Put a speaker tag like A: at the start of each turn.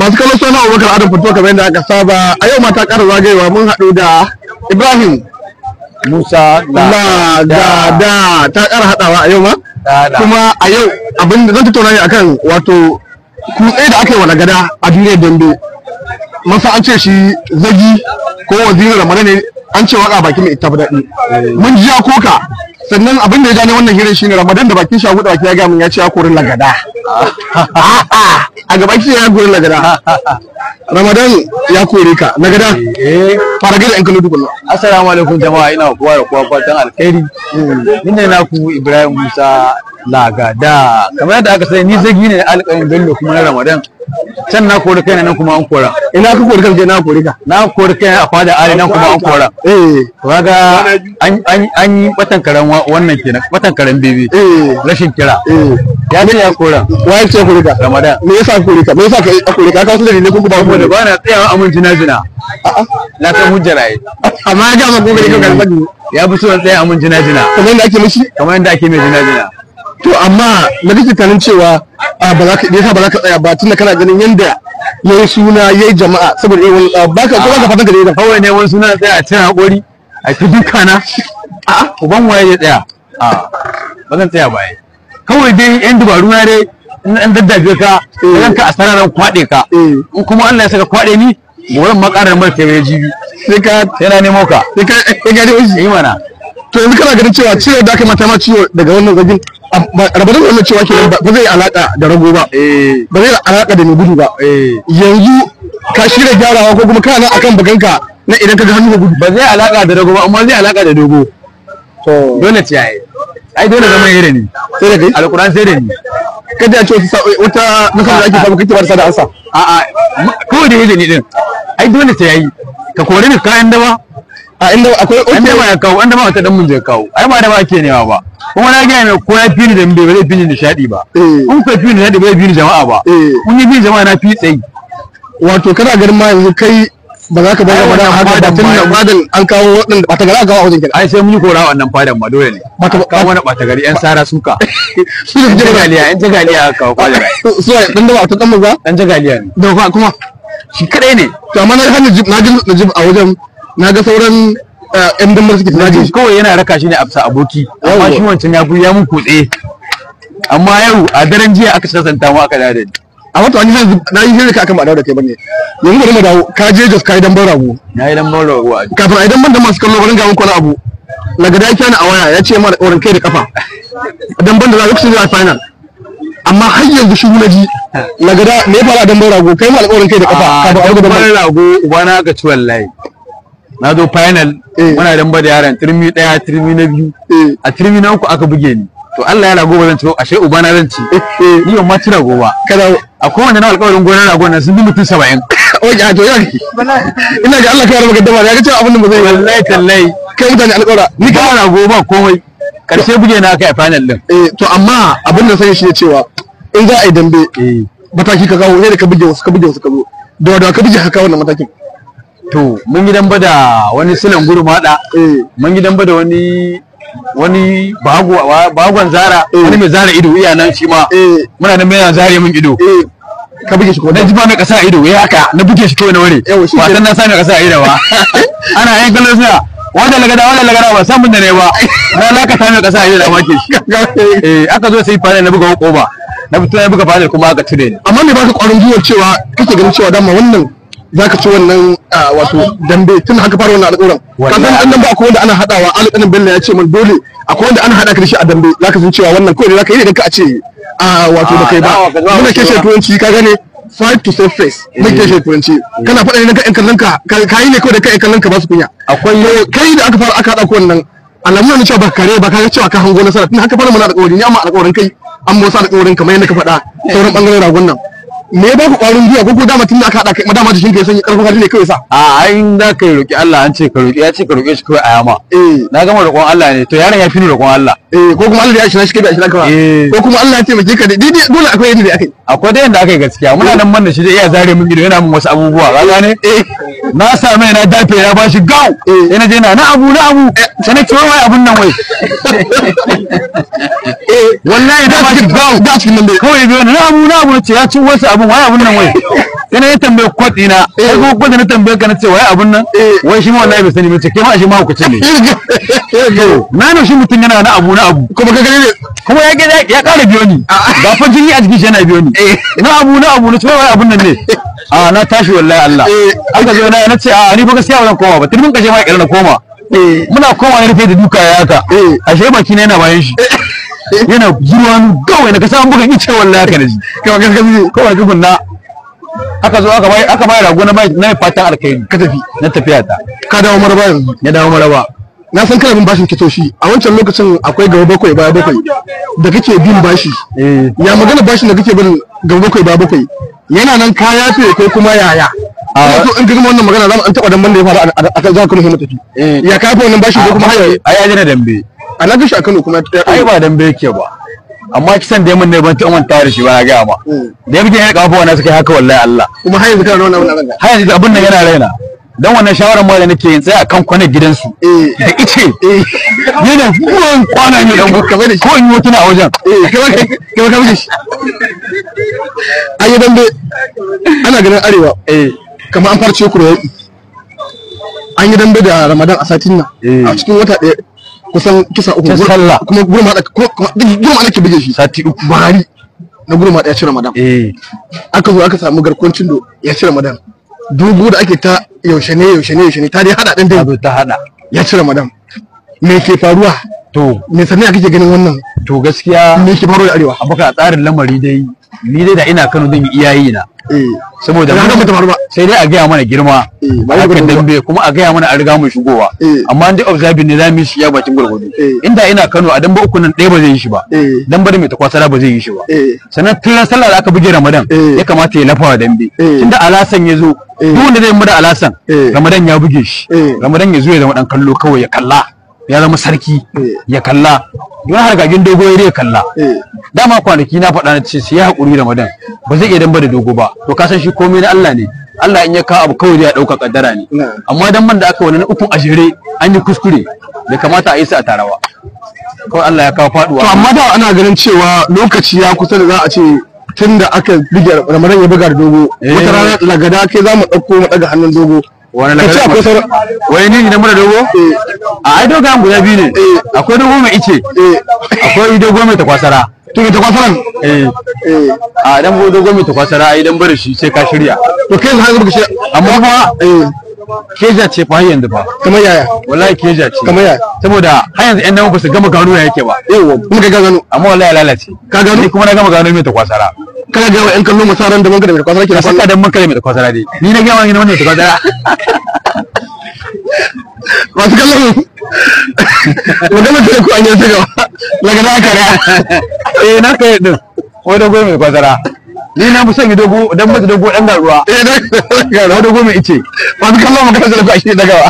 A: masu kallon suna abubakar adam fito kamar yadda aka saba a yau mata ƙara zagayewa mun haɗu da ibrahim musa da da ta ƙara haɗawa a yau ma kuma a yau abin da zan tattauna ne akan wato kutse da aka yi wani gada a duniyar dambe masa an ce shi zagi ko wazirar ramana ne an ce waka baki mai ita daɗi eh. mun ji ya koka sannan abin da ya ja wannan hirin shine ramadan da bakin shagu da baki ya gamin ya ce ya kori lagada a gaban ya kori lagada ramadan ya kori ka lagada eh. fara gaida in kallo dukunna assalamu alaikum jama'a ina kowa da kowa fatan alkhairi hmm. ni ne naku ibrahim musa lagada kamar yadda aka sani ni zagi ne alƙalin bello kuma na ramadan can na kori na nan kuma an kora ina ka kori je na kori ka na kori kan a fada are nan kuma an kora eh kaga an an yi batan karan wannan kenan batan karan eh rashin kira eh. ya ne ya kora wai ya ce kori ka ramadan me yasa kori ka me yasa kai kori ka ka su da ne kun ba ku da bana tsaya a mun jina jina na san hujjar ai amma ga ma gobe ka kalmadi ya fi so tsaya a mun jina jina kamar yadda ake mishi kamar yadda ake mai jina jina to amma na kake cewa ba za ka ba za ka tsaya ba tunda kana ganin yanda ya yi suna ya yi jama'a saboda irin baka kuma ka fatan ka da kawai ne wani suna tsaya a cin haƙori a ta duka na a uban waye ya tsaya a ba zan tsaya baya kawai dai yan dubaru na dai in an daddabe ka zan ka eh. a sararin kwaɗe ka eh. in kuma Allah ya saka kwaɗe ni gobe ma ƙarar mai kai jibi sai ka yana nemo ka sai ka ga shi eh mana to yanzu kana ganin cewa ciwo da aka mata ma ciwo daga wannan zagin rabar da wannan cewa ke ba zai alaka da rago ba eh. ba zai alaka da mai gudu ba eh. yanzu ka shirya gyarawa ko kuma kana akan baganka na idan ka ga hannu gudu ba zai alaka da rago ba amma zai alaka da dogo to dole ce yayi ai dole zama yayi ne sai da kai alquran sai da ni kada ya ce wata musamman da ake samu kake barsa da ansa a'a kawai da yaje ne din ai dole ta yayi ka kore ni kayan dawa a inda akwai oke inda ma ya kawo inda ma ta dan mun zai kawo ai ma da ba ke newa ba kuma na ga mai koya ya ni da bai bai fi ni nishadi ba kun eh. ko fi ni nishadi bai fi ni jama'a ba kun eh. yi fi jama'a na fi tsayi wato kana garin ma yanzu kai ba za ka bar ramadan haka ba tun da fadan an kawo waɗanda ba ta gari a kawo a wajen kenan ai sai mun yi kora wannan fadan ma dole ne ba ta kawo wani ba ta gari yan sara suka su ne jagaliya yan jagaliya kawo fadan su ne dan da ba ta dan maza yan jagaliya ne da kuma shi kadai ne to amma na ji na ji a wajen na ga sauran yan eh, dumbar suke tunaje kawai yana raka shi ne a aboki amma shi wancan ya ya mun kutse amma yau a daren jiya aka sasanta mu aka dade a wato an yi na yi shirka akan ba da kai bane yanzu bari mu dawo ka je Jos ka yi dan ban rago na yi dan ban rago kafin a yi dan ban da masu kallo bari ga muku wani abu daga da yake a waya ya ce ma da kai da kafa dan ban da za lokacin zuwa final amma har yanzu shi na ji Na gada me ya fara dan ban rago kai ma alƙawarin kai da kafa ka ba a na zo final eh. muna dan bada yaran turmi daya turmi na biyu eh. a turmi na uku aka buge ni to Allah ya rago zan ci ashe uba na zan ci eh, ni ban ma ci rago kada a kowanne na alƙawarin gona rago na sun bi mutum 70 oke a to yau ina ga Allah ka yarda maka dama ya ga cewa abin da ba zai yi wallahi kallai. kai mutane alƙawara ni ka rago ba komai karshe buge na kai a final din eh to amma abin da sai shi ne cewa in za a yi dambe mataki ka kawo ne da ka buge wasu ka buge wasu ka zo da wadawa ka buge ka kawo wannan matakin to mun gidan bada wani silan gurmada eh. mun gidan bada wani wani bagon zara eh. wani mai zara ido iya nan shi ma eh. muna nan mai zare mun ido ka buge shi ko dan jima mai kasa ido ya haka na buge shi kawai na wuri ba san na sami kasa ido ba ana yan kallon sa wanda lagada wanda lagada ba san mun da ne ba na laka sami kasa ido da wake shi eh aka zo sai fara na buga koba na fito na buga fara kuma aka tire ni amma me baka kwarin gwiwar cewa kake ganin cewa dama wannan zaka ci wannan wato dambe tun haka fara wannan alƙawarin kafin an nan ba akwai wanda ana hadawa alƙalin bello ya ce min dole akwai wanda ana hada ka shi a dambe zaka san cewa wannan kawai zaka yi idan ka a ce a wato da kai ba muna ke shi turanci ka gane five to save face mun eh. ke shi turanci eh. kana faɗa ne ka ƴan kallon ka kai ne kawai da kai ƴan kallon ka ba su kunya akwai kai da aka fara aka hada ku wannan alamu ne cewa ba kare ba ka cewa ka hango nasara tun haka fara muna alƙawari ne amma alƙawarin kai an motsa alƙawarin kamar yadda ka faɗa eh. sauran bangaren ragon nan me ya baku kwarin gwiwa ko ko dama tun da aka hada kai madama da shinka ya sanya karfin hali ne kawai sa a ai da kai roki Allah an ce ka roki ya ce ka roke shi kai a yama eh na gama roƙon Allah ne to yaron ya fi ni roƙon Allah eh ko kuma Allah ya shi na shi kai da shi na kawai eh. ko kuma Allah ya taimake ka dai dai dole akwai yadda da akai akwai dai inda aka yi gaskiya muna nan man da shi zai iya zare min ido yana min wasu abubuwa ka gane na same na dafe ya bashi gau yana je na na abu na abu sai na ciwo wai abun nan wai wallahi da bashi gau da cikin nan dai kawai biyo na abu na abu ce ya ci wasu abun wai abun nan wai ina ya tambaye kwat ina sai kuma kwat na tambaye ka na ce wai abun nan eh. wai shi ma wallahi bai sani mace ke ma shi ma hukuce ne na nan shi mutum yana na abu na abu kuma ka gani kuma ya ga ya kare biyo ni ah. ba fa jini a jikin shi yana biyo ni eh. na abu na abu na ce wai abun nan ne eh. a ah, na tashi wallahi Allah an ka zo na na ce a ah, ni fa gaskiya wannan koma ba mun kashe ma ya na koma muna koma ne rufe da duka ya haka ashe baki na yana bayan shi yana zuwa gawai na ka samu bugan ice wallahi ka ne kawai gaskiya kawai dubun na aka zo aka bai aka bai rago na bai na fatan alkairi ka tafi na tafiya ta ka dawo maraba yanzu ya dawo maraba na san kana bin bashin kitoshi a wancan lokacin akwai gaba bakwai baya bakwai da kake bin bashi ya magana bashin da kake bin gaba bakwai baya bakwai yana nan ka yafe ko kuma yaya a in ka wannan magana za mu an taba dan banda ya fara a kan za ka nufi matafi ya kafa wannan bashin ko kuma haya ai ya na dambe a na gashi a Kano kuma ai ba dambe yake ba amma kisan da ya mun ne ban ta'awan tare shi ba na gaya ma hmm. da ya fi kafa wannan suka haka wallahi Allah kuma har yanzu kana wannan wannan har yanzu abin nan yana raina dan wannan shawaran ma nake yin tsaya akan kwana gidansu eh. da ice eh. ne da kuwan kwana ne dan guka bane ko in yi hotuna a wajen kamar eh, kamar shi ayi dambe ana ganin arewa kamar an farce ku an yi dambe da ramadan a satin nan a cikin wata ɗaya kusan kisa uku sallah kuma gurin ma kuma gurin ma bige shi sati uku bari na gurin ma ya cire madam eh aka zo aka samu garkwancin do ya cire madam dubu da ake ta yaushe ne yaushe ne yaushe ne ta dai hada din dai ta hada ya cire madam me ke faruwa to me sanin kake ganin wannan to gaskiya me ke faruwa da arewa abuka tsarin lamari dai ni dai da ina Kano zan yi iyayi na Eh. saboda sai dai a gaya mana girma eh, hakan dambe kuma a gaya mana a riga mu shigowa eh. amma an ji observing ne zamu yi shi ya bakin gurgudu inda ina Kano a damba uku nan ɗaya ba zai yi shi ba dambe da mai takwasara ba zai yi shi ba sannan tun sallah da aka buge Ramadan ya kamata ya lafa wa dambe tunda alasan ya zo duk wanda zai mu alasan Ramadan ya buge shi Ramadan ya zo ya zama dan kallo kawai ya kalla ya zama sarki ya kalla wani hargagin dogo ya kalla dama kwanaki na faɗa na ce sai ya haƙuri ramadan ba zai iya damba da dogo ba to ka san shi komai na Allah ne Allah in ya kawo abu kawai ya ɗauka kaddara ne amma dan man da aka wani na ukun a jere an yi kuskure da kamata a yi sa a tarawa kawai Allah ya kawo faɗuwa to amma da ana ganin cewa lokaci ya kusa da za a ce tun da aka bige ramadan ya buga da dogo wata eh. rana lagada kai za mu ɗauko mu ɗaga hannun dogo wani na akwai sauran wani ni idan mura dogo a ai dogo guda biyu ne eh. akwai dogo mai ice eh. akwai dogo mai takwasara to ta takwasaran eh, eh. a dan dogo mai takwasara ai dan bare shi sai ka shirya to kai zaka baka shirya amma fa keja ce fa yanzu ba kamar yaya wallahi keja ce kamar yaya saboda har yanzu yan nan ba su gama gano yake ba yawa kuma ka gano amma wallahi lalace ka gano kuma na gama gano mai takwasara kana ga yan kallon mu saran da mun da mai kwasara ke saka dan mun kada mai kwasara dai ni na ga wani wannan kwasara masu kallon mu magana ta ku an yi saka daga na da? eh na kai din ko da mai kwasara ni na fi sanya dogo dan mata dogo dan garuwa eh dogo mai ice masu kallon mu kada ku ashe dagawa